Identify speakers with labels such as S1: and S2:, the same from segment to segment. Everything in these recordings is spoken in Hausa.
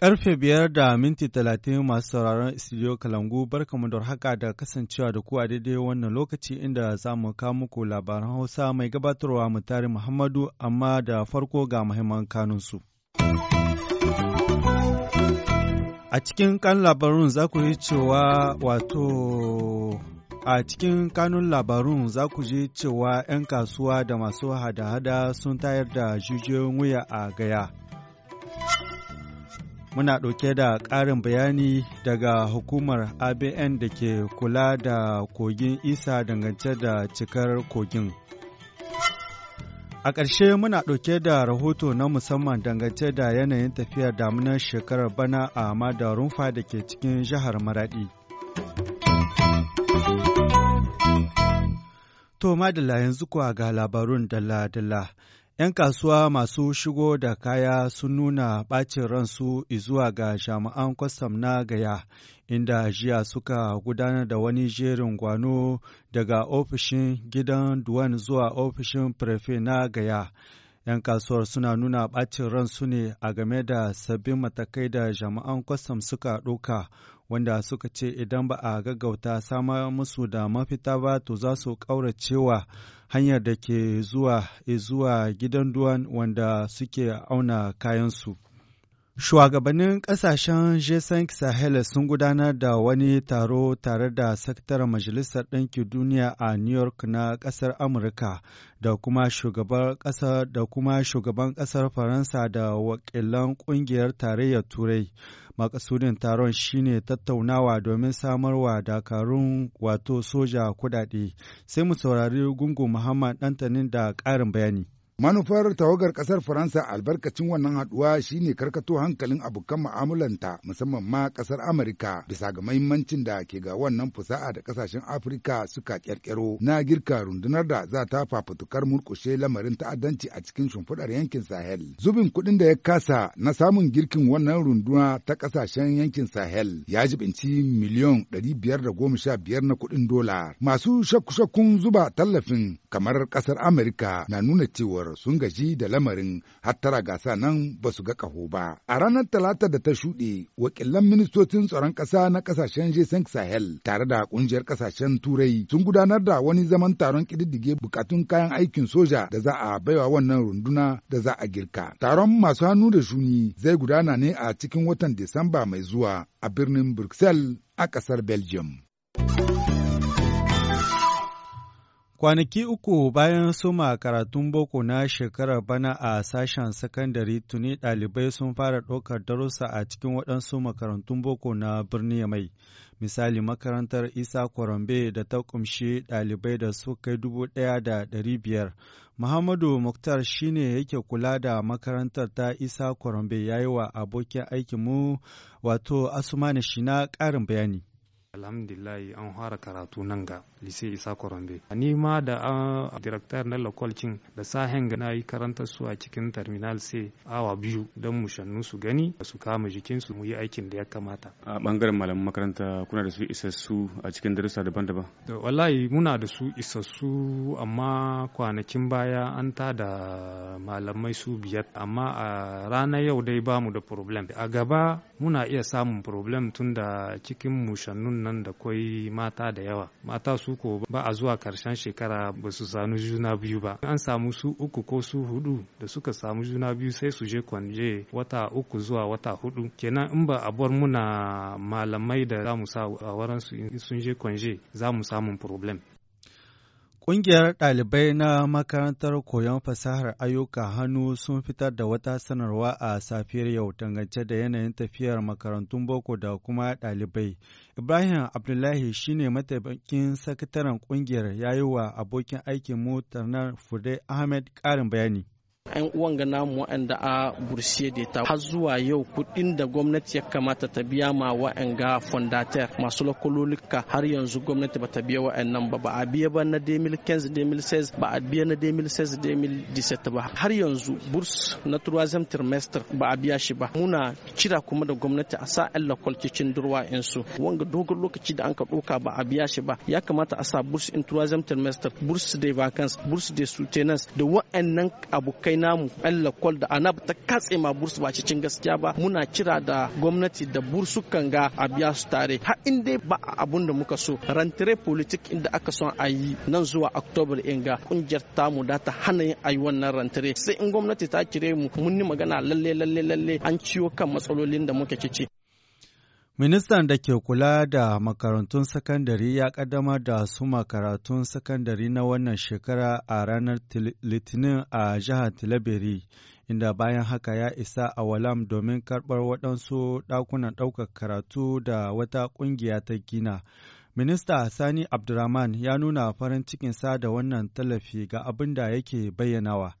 S1: Karfe biyar da minti talatin masu sauraron studio Kalangu barkamu da haka da kasancewa da ku a daidai wannan lokaci inda za mu kawo muku labaran Hausa mai gabatarwa mutari Muhammadu amma da farko ga muhimman kanunsu. A cikin kan labarun za ku yi cewa wato a cikin kanun labarun za ku ji cewa 'yan kasuwa da masu hada-hada sun tayar da jijiyoyin wuya a gaya. Muna ɗauke da ƙarin bayani daga hukumar ABN da ke kula da kogin isa dangance da cikar kogin. A ƙarshe muna ɗauke da rahoto na musamman dangance da yanayin tafiya damunar shekarar bana a rumfa da ke cikin jihar Maraɗi. To da yanzu kuwa ga labarun dala, dala. 'Yan kasuwa masu shigo da kaya sun nuna ɓacin ransu izuwa ga jami'an kwastam na gaya, inda jiya suka gudanar da wani jerin gwano daga ofishin gidan Duwan zuwa ofishin prefe na gaya. 'Yan kasuwar suna nuna ɓacin ransu ne a game da sabbin matakai da jami'an kwastam suka ɗauka. wanda suka ce idan ba a gaggauta samar musu da mafita ba to za su ƙauracewa hanyar da ke zuwa zuwa gidan duwan wanda suke auna kayansu. Shugabannin ƙasashen G5 Sahel sun gudanar da wani taro tare da Sakataren Majalisar Ɗinki Duniya a New York na ƙasar Amurka da kuma shugaban ƙasar da kuma shugaban ƙasar Faransa da wakilan ƙungiyar tarayyar Turai. Makasudin taron shine tattaunawa domin samarwa dakarun wato soja kudade,
S2: Sai mu saurari Gungu Muhammad ɗantanin da ƙarin bayani. Manufar tawagar ƙasar Faransa albarkacin wannan haɗuwa shine karkato hankalin abokan mu'amulanta musamman ma ƙasar Amurka bisa ga mahimmancin da ke ga wannan fusa'a da ƙasashen Afirka suka ƙyarƙyaro na girka rundunar da za ta fafutukar murƙushe lamarin ta'addanci a cikin shimfiɗar yankin Sahel. Zubin kuɗin da ya kasa na samun girkin wannan runduna ta ƙasashen yankin Sahel ya jibinci miliyon ɗari biyar da goma sha biyar na kuɗin dola. Masu shakku-shakkun zuba tallafin kamar ƙasar Amurka na nuna cewar sun gaji da lamarin hattara gasa nan ba su ga ƙaho ba. A ranar Talata da ta shuɗe, wakilan ministocin tsaron ƙasa na ƙasashen G5 Sahel tare da ƙungiyar ƙasashen Turai sun gudanar da wani zaman taron ƙididdige buƙatun kayan aikin soja da za a baiwa wannan runduna da za a girka. Taron masu hannu da shuni zai gudana ne a cikin watan Disamba mai zuwa a birnin Bruxelles a ƙasar Belgium.
S1: Kwanaki uku bayan suma karatun boko na shekarar bana a sashen sakandare tuni ɗalibai sun fara ɗaukar darussa a cikin waɗansu makarantun boko na birni mai. Misali makarantar Isa Kwarambe da ta ƙumshi ɗalibai da su kai dubu ɗaya da ɗari biyar. Muhammadu Muktar shine yake kula da makarantar ta Isa Kwarambe ya yi wa abokin aikinmu wato Asumani Shina ƙarin bayani.
S3: alhamdulillahi an fara karatu nan ga lise isa kwarambe ni ma da a director na lokolcin da sahen ga yi karanta su a cikin terminal sai awa biyu don mu shannu su gani su kama su mu yi aikin da ya kamata a bangaren malaman makaranta kuna da su isassu a cikin darussa daban-daban wallahi muna da su isassu amma kwanakin baya an ta da malamai su biyar amma a ranar yau dai bamu da problem a gaba muna iya samun problem tun da cikin mushannu nan da kwai mata da yawa mata su ko ba a zuwa karshen shekara ba su sanu juna biyu ba an samu su uku ko su hudu da suka samu juna biyu sai su je kwanje wata uku zuwa wata hudu kenan in ba a bar muna malamai da za mu sa a waransu in sun je kwanje za mu samun problem
S1: Ƙungiyar ɗalibai na makarantar koyon fasahar ayyuka hannu sun fitar da wata sanarwa a safiyar yau dangance da yanayin tafiyar makarantun boko da kuma ɗalibai. Ibrahim Abdullahi shine mataimakin sakataren ƙungiyar yayi wa abokin aikin mu Tarnar Fude Ahmed ƙarin bayani.
S4: 'yan uwan ga namu waɗanda a bursiye da ta har zuwa yau kuɗin da gwamnati ya kamata ta biya ma ga fondater masu lokololika har yanzu gwamnati ba ta biya waɗannan ba ba a biya ba na 2015 2016 ba a biya na 2016 2017 ba har yanzu burs na tourism trimester ba a biya shi ba muna kira kuma da gwamnati a sa Allah lakwalcicin durwa in su wanga dogon lokaci da an ka ɗauka ba a biya shi ba ya kamata a sa burs in tourism trimester burs de vacances burs de sutenance da waɗannan abokai namu kwal da anab ta katse ma bursu ba cikin gaskiya ba muna kira da gwamnati da bursu kan ga a biya su tare har in dai ba abun da muka so rantare politik inda aka son a yi nan zuwa oktobar ga kungiyar tamu da ta hana yin ayi wannan rantare sai in gwamnati ta kire mu mun yi magana lalle lalle lalle an ciwo kan matsalolin da muka kici
S1: Ministan da ke kula da makarantun sakandare ya kaddamar da su makarantun sakandare na wannan shekara a ranar Litinin a jihar Tilaberi, inda bayan haka ya isa a Walam domin karbar waɗansu ɗakunan ɗaukar karatu da wata ƙungiya ta gina. Minista Sani Abdurrahman ya nuna farin cikinsa da wannan tallafi ga abin da yake bayyanawa.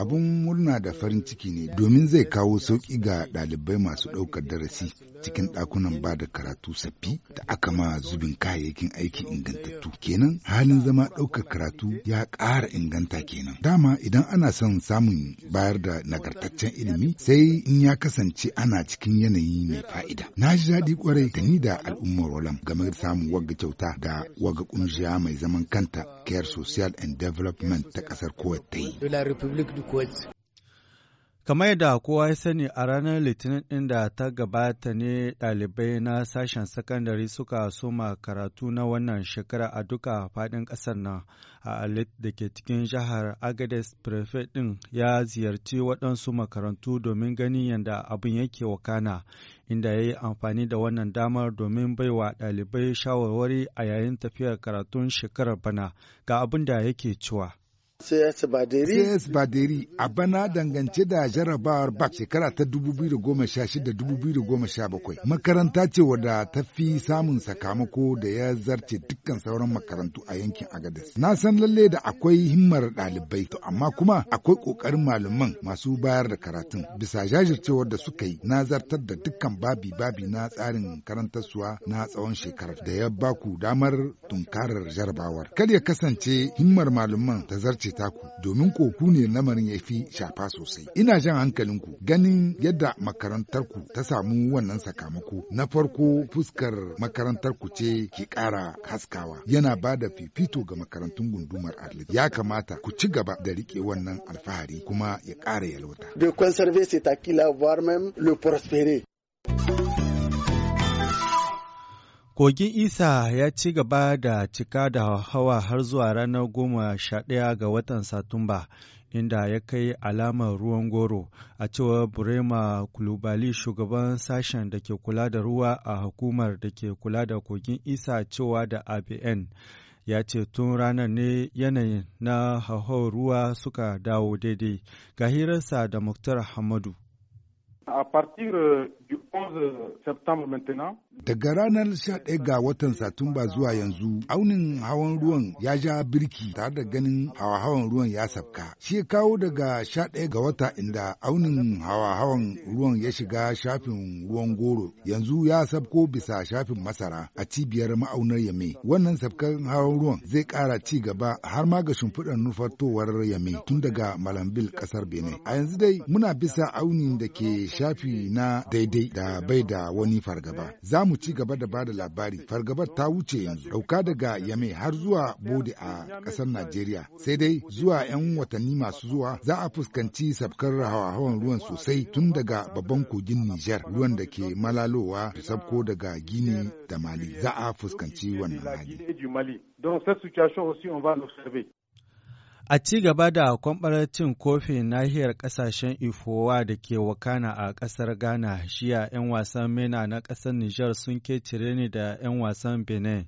S2: Abun murna da farin ciki ne domin zai kawo sauƙi ga ɗalibai masu ɗaukar darasi cikin ɗakunan ba da karatu sabbi da aka ma zubin kayayyakin aiki ingantattu. Kenan halin zama ɗaukar karatu ya ƙara inganta kenan. Dama idan ana son samun bayar da nagartaccen ilimi sai in ya kasance ana cikin yanayi mai fa'ida. Na ji daɗi kwarai da ni da al'ummar Rolam game da samun wagga kyauta da wagga ƙungiya mai zaman kanta Care Social and Development ta kasar Kuwait ta yi.
S1: Kamar yadda kowa ya sani a ranar Litinin din da ta gabata ne ɗalibai na sashen sakandare suka soma karatu na wannan shekara a duka faɗin ƙasar nan a Alit da ke cikin jihar Agades Prefect din ya ziyarci waɗansu makarantu domin ganin yadda abin yake wakana, inda ya yi amfani da wannan damar domin baiwa ɗalibai shawarwari a yayin tafiyar karatun shekarar bana ga abin da yake cewa.
S2: CS Baderi. a bana dangance da jarabawar BAK shekara ta 2016-2017 makaranta ce wadda ta fi samun sakamako da ya zarce dukkan sauran makarantu a yankin Agadez. Na san lalle da akwai himmar ɗalibai to amma kuma akwai ƙoƙarin malaman masu bayar da karatun bisa jajircewar da suka yi na zartar da dukkan babi-babi na tsarin karantarsuwa na tsawon shekarar da ya baku damar tunkarar jarabawar. kar ya kasance himmar malaman ta zarce ce taku domin koku ne lamarin ya fi shafa sosai. Ina jan hankalinku ganin yadda makarantarku ta samu wannan sakamako. Na farko fuskar makarantarku ce ke ƙara haskawa yana ba da fifito ga makarantun gundumar Arlit. Ya kamata ku ci gaba da riƙe wannan alfahari kuma ya ƙara yalwata.
S4: De conserver cet acquis-là, voire même le prospérer.
S1: Kogin Isa ya ci gaba da cika da hawa har zuwa ranar goma sha ɗaya ga watan Satumba, inda ya kai alamar ruwan goro, a cewar Burema Kulubali shugaban sashen da ke kula da ruwa a hukumar da ke kula da kogin Isa cewa da ABN. ya ce tun ranar ne yanayin na hauhawar ruwa suka dawo
S2: daidai ga hirarsa da Muktar Hamadu. A partir Daga ranar 11 ga watan Satumba zuwa yanzu, aunin hawan ruwan ya ja birki tare da ganin hawa-hawan ruwan ya sabka. Shi kawo daga 11 ga wata inda aunin hawa-hawan ruwan ya shiga shafin ruwan goro, yanzu ya sabko bisa shafin masara a cibiyar ma'aunar Yame. Wannan sabkan hawan ruwan zai ƙara ci gaba har ma ga shimfiɗar nufartowar Yame tun daga Malambil ƙasar Benin. A yanzu dai muna bisa aunin da ke shafi na daidai daidai da bai da wani fargaba. Za mu ci gaba da ba da labari, fargabar ta wuce yanzu. Dauka daga Yame har zuwa Bode a kasar Najeriya. Sai dai zuwa 'yan watanni masu zuwa za a fuskanci sabkar hawa-hawan ruwan sosai tun daga babban kogin Nijar ruwan da ke malalowa da sabko daga Gini da Mali. Za a fuskanci wannan hali. A ci gaba da kwamɓarar cin
S1: kofin nahiyar ƙasashen Ifowa da ke wakana a ƙasar Ghana, jiya 'yan wasan MENA na ƙasar Nijar sun cire ni da 'yan wasan Benin,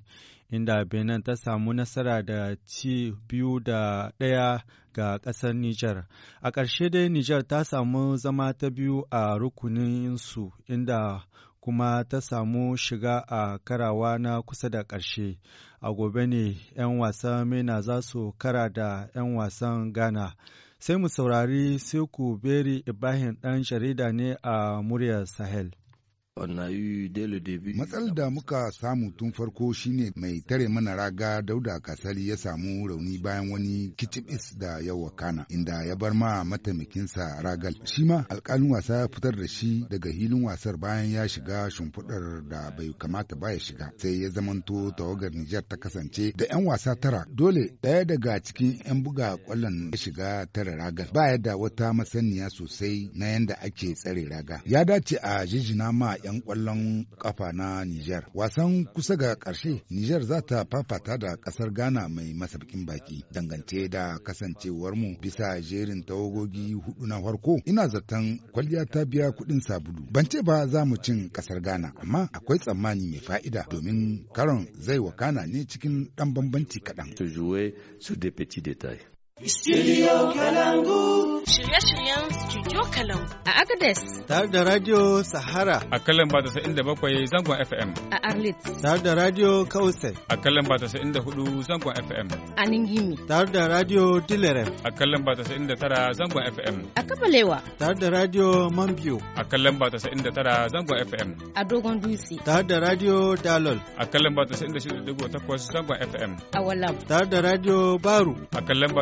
S1: inda Benin ta samu nasara da ci biyu da ɗaya ga ƙasar Nijar. A ƙarshe dai Nijar ta samu zama ta biyu a rukuninsu, inda kuma ta samu shiga a karawa na kusa da ƙarshe. A gobe ne 'yan wasan Mena za su kara da 'yan wasan Ghana. Sai mu saurari Siku Beri Ibrahim dan jarida ne a muryar Sahel.
S2: Matsalar da muka samu tun farko shine mai tare mana raga dauda kasali ya samu rauni bayan wani kicibis da yawa kana inda ya bar ma mataimakinsa ragal. Shi ma alkalin wasa ya fitar da shi daga hilin wasar bayan ya shiga shimfiɗar da bai kamata ba ya shiga. Sai ya zamanto tawagar Nijar ta kasance da 'yan wasa tara dole ɗaya daga cikin 'yan buga ƙwallon ya shiga tare ragal. Ba ya da wata masaniya sosai na yanda ake tsare raga. Ya dace a jijina ma 'yan ƙwallon ƙafa na Nijar. Wasan kusa ga ƙarshe, Nijar za ta fafata da ƙasar Ghana mai masaukin baki dangance da kasancewar mu, bisa jerin tawagogi hudu na farko. Ina zaton kwalliya ta biya kuɗin sabulu. Ban ce ba za mu cin ƙasar Ghana, amma akwai tsammani mai fa'ida domin karon zai wakana ne cikin ɗan bambanci kaɗan.
S3: Studio Kalangu.
S1: Shirye-shiryen Studio Kalangu. A Agadez. Tare da Radio Sahara. A kalan ba da bakwai zangon FM. A Arlit. Tare da Radio Kausai. A kalan ba da hudu zangon FM. A Ningimi. Tare da Radio Dilerem. A kalan ba da tara zangon FM. A Kabalewa. Tare da Radio Mambiyo. A kalan ba da tara zangon FM. A Dogon Dutse. Tare da Radio Dalol. A kalan ba da takwas zangon FM. A Walam. Tare da Radio Baru. A kalan ba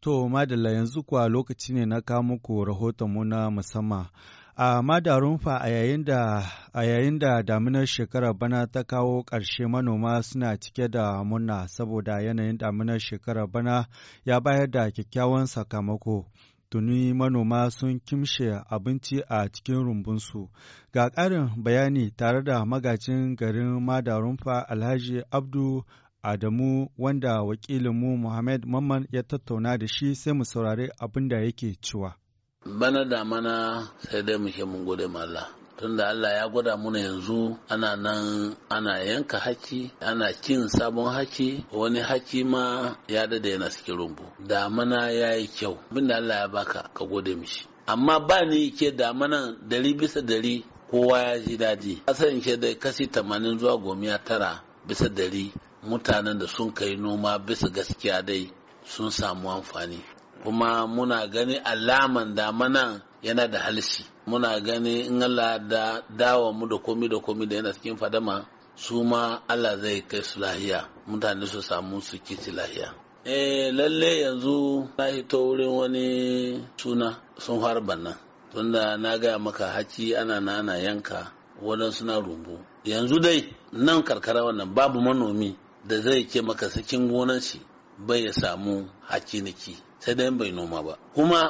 S1: To, Madalla yanzu kuwa lokaci ne na kawo muku rahotonmu na musamman. A Madarunfa a yayin da daminar shekarar bana ta kawo ƙarshe manoma suna cike da murna saboda yanayin daminar shekarar bana ya bayar da kyakkyawan sakamako. Tuni manoma sun kimshe abinci a cikin rumbunsu. Ga ƙarin bayani tare da magajin garin Madarunfa Alhaji Abdu Adamu wanda wakilin mu Muhammad Mamman ya tattauna da shi sai mu saurari abin da yake cewa.
S4: Bana da mana sai dai muke mun gode ma Allah. tunda Allah ya gwada muna yanzu ana nan ana yanka haki ana cin sabon haki wani haki ma ya dade yana cikin rumbu damana ya yi kyau da Allah ya baka ka gode mishi amma ba ni ke damanan dari bisa dari kowa ya ji daɗi asalin ke da kasi tamanin zuwa gomiya tara bisa dari mutanen da sun kai noma bisa gaskiya dai sun samu amfani kuma muna gani alaman damanan yana da halshi muna gani in Allah da dawa mu da komi da komi da yana cikin fadama su ma Allah zai kai su lahiya mutane su samu su kici lahiya eh lalle yanzu na hito wurin wani suna sun harban nan tunda na gaya maka haci ana na yanka wadansu na rumbu yanzu dai nan karkara wannan babu manomi da zai ce maka sakin gonan shi bai ya samu hakiniki sai dai bai noma ba kuma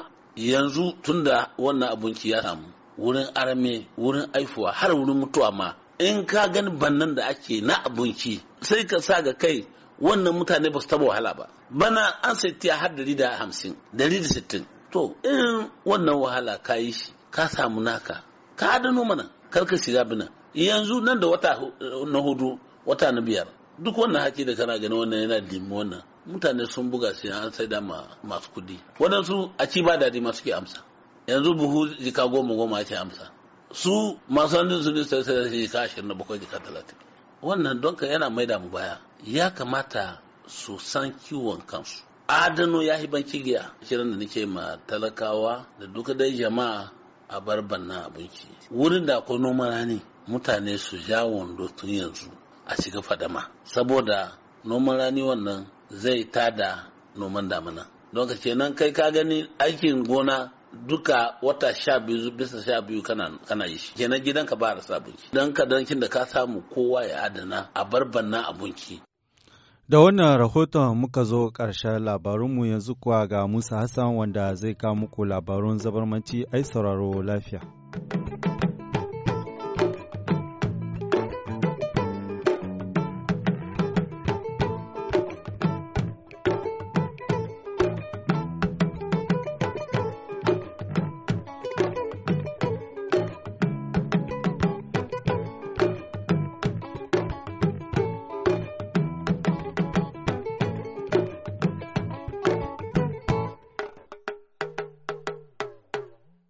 S4: yanzu tunda wannan abinci ya samu wurin arame wurin aifuwa har wurin mutuwa ma in ka gani bannan da ake na abinci sai ka sa ga kai wannan mutane ba su taba wahala ba bana an sai tiya har dari da hamsin dari da sittin to in wannan wahala ka yi shi ka samu naka ka adano mana kar ka shiga bina yanzu nan da wata na hudu wata na biyar duk wannan haƙi da kana gani wannan yana dimi wannan mutane sun buga sai an sai da masu kuɗi waɗansu a ci ba daɗi ma suke amsa yanzu buhu jika goma goma ake amsa su masu hannun su ne sai sai da jika ashirin da bakwai jika talatin wannan ka yana maida mu baya ya kamata su san kiwon kansu adano ya banki kigiya kiran da nake ma talakawa da duka dai jama'a a bar banna abinci wurin da akwai noman rani mutane su ja wando tun yanzu a cikin fadama saboda noman rani wannan zai tada noman damina don ka ce nan kai ka gani aikin gona duka wata sha biyu bisa sha biyu kana yi shi kenan gidanka ba da sabunci dan ka dankin da ka samu kowa ya adana a barbanna abunki
S1: Da wannan rahoton muka zo ƙarshen labarunmu yanzu kuwa ga Musa Hassan wanda zai kawo muku labarun zabarmanci ai sauraro lafiya.